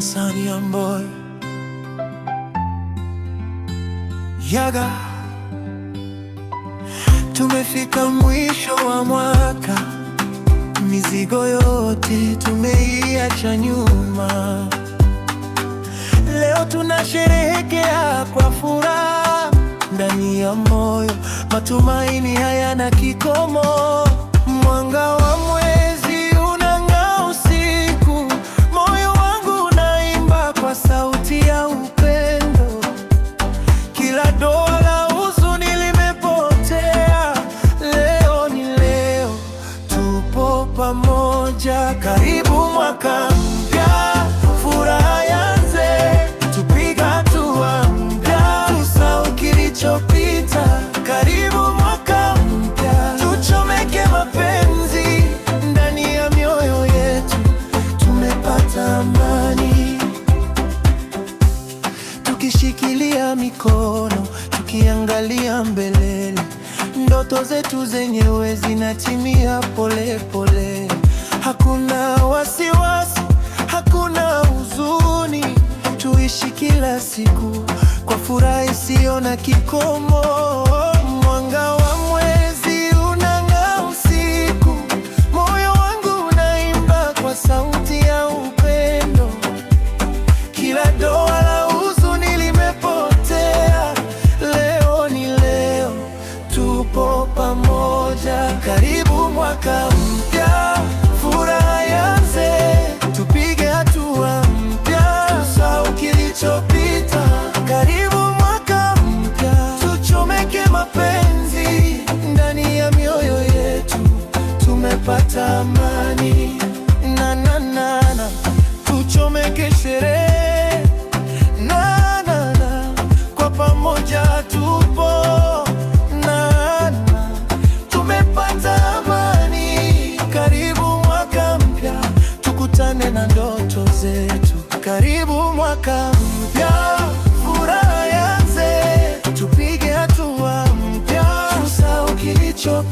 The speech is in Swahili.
insan boy Yaga, tumefika mwisho wa mwaka, mizigo yote tumeiacha nyuma. Leo tunasherehekea kwa furaha ndani ya moyo, matumaini hayana kikomo. pamoja, karibu mwaka mpya, furaha ianze, tupige hatua, tusahau kilichopita. Karibu mwaka mpya, tuchomeke mapenzi ndani ya mioyo yetu, tumepata amani, tukishikilia mikono, tukiangalia mbele ndoto zetu zenyewe zinatimia polepole hakuna wasiwasi, hakuna huzuni, tuishi kila siku kwa furaha isiyo na kikomo. Mwanga wa mwezi unang'aa usiku, moyo wangu unaimba kwa sauti ya upendo, kila doa la huzuni limepotea. Leo ni leo, tupo pamoja, karibu mwaka zetu. Karibu mwaka mpya, furaha ianze, tupige hatua mpya, tusahau kilicho